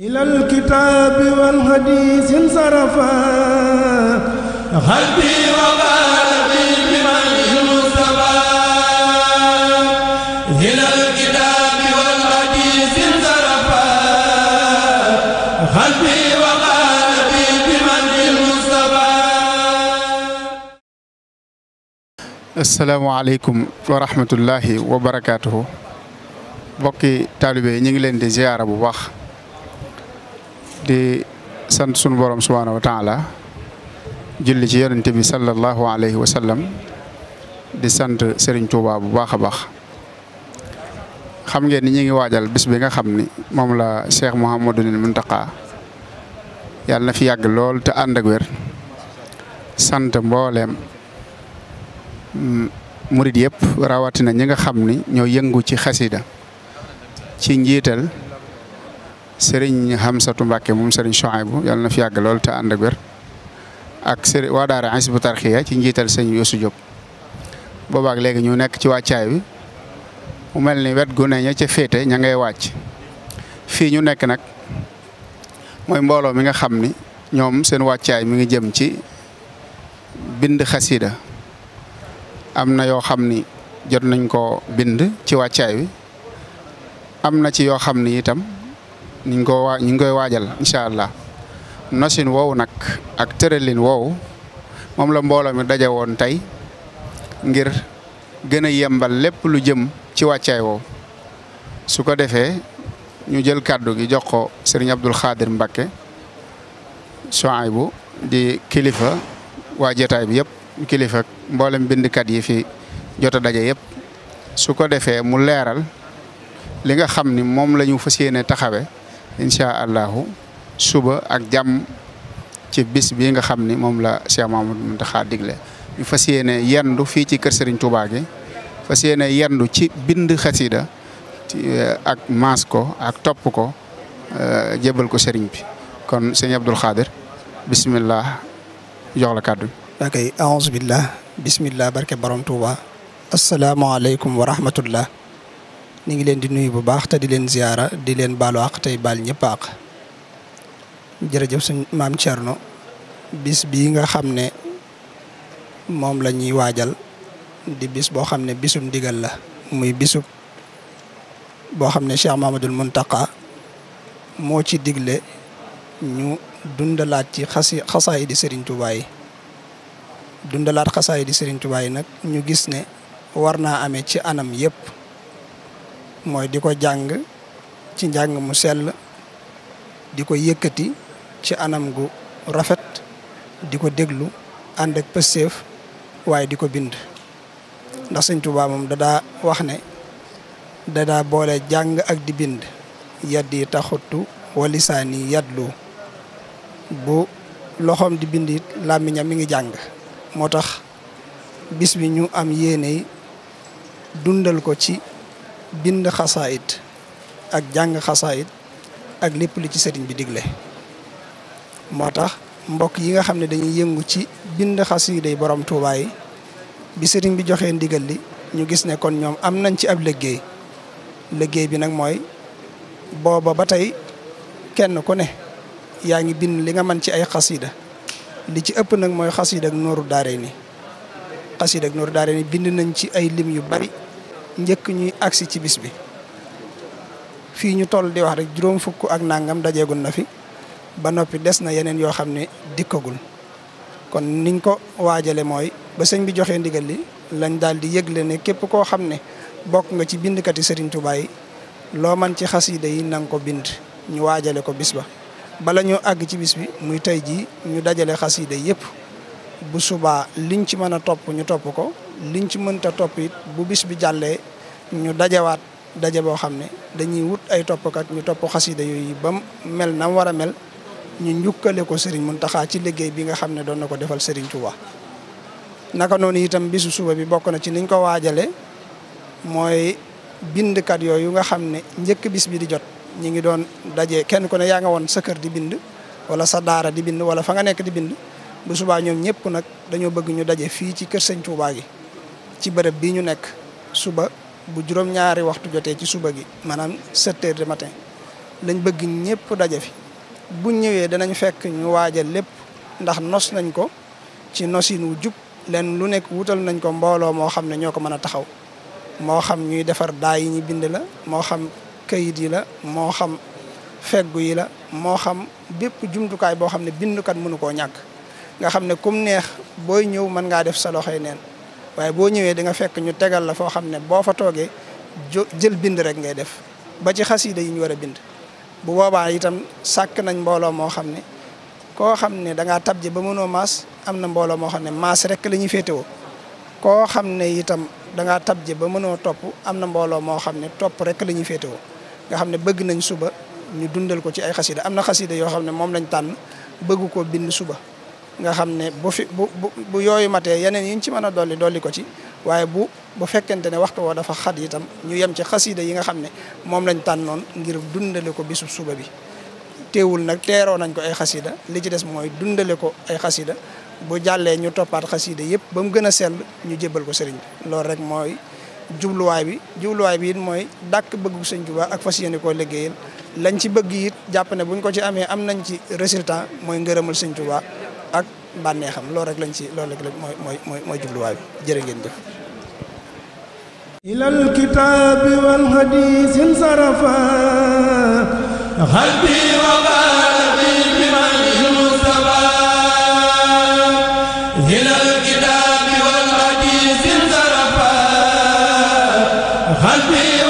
إلى الكتاب والحديث انصرفا قلبي وقلبي بمنه المصطفى إلى الكتاب والحديث انصرفا قلبي وقلبي بمنه المصطفى السلام عليكم ورحمة الله وبركاته bokki taalibe ñi ngi leen di ziyaara bu baax di sant sunu borom subhaanahu wa taala julli ci yonente bi sallallahu alayhi wa sallam di sant Serigne Touba bu baax a baax xam ngeen ni ñu ngi waajal bis bi nga xam ni moom la Cheikh Mouhamadul Mountakha yàlla na fi yàgg lool te ànd ak wér sant mbooleem murid yëpp rawatina ñi nga xam ni ñoo yëngu ci xasida ci njiital. sëriñ Hamsatu Mbàkke moom sëriñ Chouaïbou yàlla na fi yàgg lool te ànd ak wér ak sëriñ waa daara Hizbut Tarqiyyah ci njiital sëñ Youssou Diop boobaak léegi ñu nekk ci wàccaay wi mu mel ni wet gu ne ña ca féete ña ngay wàcc fii ñu nekk nag mooy mbooloo mi nga xam ni ñoom seen wàccaay mi ngi jëm ci bind xasida am na yoo xam ni jot nañ koo bind ci wàccaay wi am na ci yoo xam ni itam ñu ko waa ñu ngi koy waajal incha allah nosin woowu nag ak tëralin woowu moom la mbooloo mi daje woon tey ngir gën a yembal lépp lu jëm ci wàccaay woowu su ko defee ñu jël kàddu gi jox ko sëriñ Abdul Xaadir Mbakke bu di kilifa waa jotaay bi yëpp kilifa mboolem bindkat yi fi jot a daje yëpp su ko defee mu leeral li nga xam ni moom lañu ñu yéene taxawe incha allahu suba ak jàmm ci bis bi nga xam ni moom la Cheikh Mamadou Mountakha digle ñu fas yéene yendu fii ci kër Serigne Touba gi fas yéene yendu ci bind xasida eh, ak maas ko ak topp ko eh, jébal ko Serigne bi kon sëñ Abdoul Khadir bismillah jox la kàddu ok aouzu billah bismillah barke wa rahmatullah ñu ngi leen di nuyu bu baax te di leen ziyaara di leen baalu àq tey baal ñëpp àq jërëjëf suñ maam Thierno bis bii nga xam ne moom la ñuy waajal di bis boo xam ne bisum ndigal la muy bisub boo xam ne Cheikh Mahamadul Muntaka moo ci digle ñu dundalaat ci xasi xasaay di Serigne Touba yi dundalaat xasaay di Serigne Touba yi nag ñu gis ne war naa amee ci anam yëpp. mooy di ko jàng ci njàng mu sell di ko yëkkati ci anam gu rafet di ko déglu ànd ak pëstéef waaye di ko bind ndax sëñ Tuubaa moom dadaa wax ne dadaa boole jàng ak di bind yad yi taxuttu wa lisaani bu loxoom di bind làmmiñam mi ngi jàng moo tax bis bi ñu am yéene dundal ko ci bind xasaayit ak jàng xasaayit ak lépp li ci sëriñ bi digle moo tax mbokk yi nga xam ne dañuy yëngu ci bind xasiiday borom Tuubaa yi bi sëriñ bi joxe ndigal li ñu gis ne kon ñoom am nañ ci ab liggéey liggéey bi nag mooy booba ba tey kenn ku ne yaa ngi bind li nga mën ci ay xasida li ci ëpp nag mooy xasida ak nooru daare ni xasida ak nooru daare ni bind nañ ci ay lim yu bari njëkk ñuy agsi ci bis bi fii ñu toll di wax rek juróom fukk ak nangam dajeegul na fi ba noppi des na yeneen yoo xam ne dikkagul kon niñ ko waajale mooy ba sëñ bi joxe ndigal li lañ daal di yëgle ne képp koo xam ne bokk nga ci bindkati Serigne Touba yi loo man ci xasida yi na nga ko bind ñu waajale ko bis ba bala ñoo àgg ci bis bi muy tey jii ñu dajale xasida yépp bu subaa liñ ci mën a topp ñu topp ko liñ ci mënta topp it bu bis bi jàllee ñu dajewaat daje boo xam ne dañuy wut ay toppkat ñu topp xasida yooyu ba mel na war a mel ñu njukkale ko Serigne Mountakha ci liggéey bi nga xam ne doon na ko defal Serigne Touba. naka noonu itam bisu suba bi bokk na ci niñ ko waajale mooy bindkat yooyu nga xam ne njëkk bis bi di jot ñu ngi doon daje kenn ku ne yaa nga woon sa kër di bind wala sa daara di bind wala fa nga nekk di bind bu subaa ñoom ñëpp nag dañoo bëgg ñu daje fii ci kër Serigne Touba ci bërëb bii ñu nekk suba bu juróom-ñaari waxtu jotee ci suba gi maanaam 7 heures du matin lañ bëgg ñëpp daje fi bu ñëwee danañ fekk ñu waajal lépp ndax nos nañ ko ci nosin wu jub leen lu nekk wutal nañ ko mbooloo moo xam ne ñoo ko mën a taxaw moo xam ñuy defar daa yi ñu bind la moo xam kayit yi la moo xam feggu yi la moo xam bépp jumtukaay boo xam ne bindukat mënu koo ñàkk nga xam ne kum neex booy ñëw mën ngaa def sa loxoy neen waaye boo ñëwee di nga fekk ñu tegal la foo xam ne boo fa toogee jël bind rek ngay def ba ci xasida yi ñu war a bind bu boobaa itam sàkk nañ mbooloo moo xam ne koo xam ne da ngaa tabje ba mënoo maas am na mbooloo moo xam ne maas rek la ñuy féetewoo koo xam ne itam da ngaa tabje ba mënoo topp am na mbooloo moo xam ne topp rek la ñuy féetewoo nga xam ne bëgg nañ suba ñu dundal ko ci ay xasida am na xasida yoo xam ne moom lañ tànn bëgg koo bind suba nga xam ne bu fi bu bu bu yooyu matee yeneen yi ñu ci mën a dolli dolli ko ci waaye bu bu fekkente ne waxtu woo dafa xat itam ñu yem ci xasida yi nga xam ne moom lañ tànnoon ngir dundale ko bisu suba bi teewul nag teeroo nañ ko ay xasida li ci des mooy dundale ko ay xasida bu jàllee ñu toppaat xasida yëpp ba mu gën a sell ñu jébbal ko sëriñ bi loolu rek mooy jubluwaay bi jubluwaay bi it mooy dàkk bëggu sëñ Tuubaa ak fas yéene koo liggéeyal lañ ci bëgg it jàpp ne buñ ko ci amee am nañ ci résultat mooy ngërëmal sëñ bànneexam loolu rek lañ ci loolu rek mooy mooy mooy mooy jubluwaay bi jërë ngeen jëf ilal kitaabi wal hadiisi sarafa qalbi wa qalbi bi manil mustafa ilal kitaabi wal hadiisi sarafa qalbi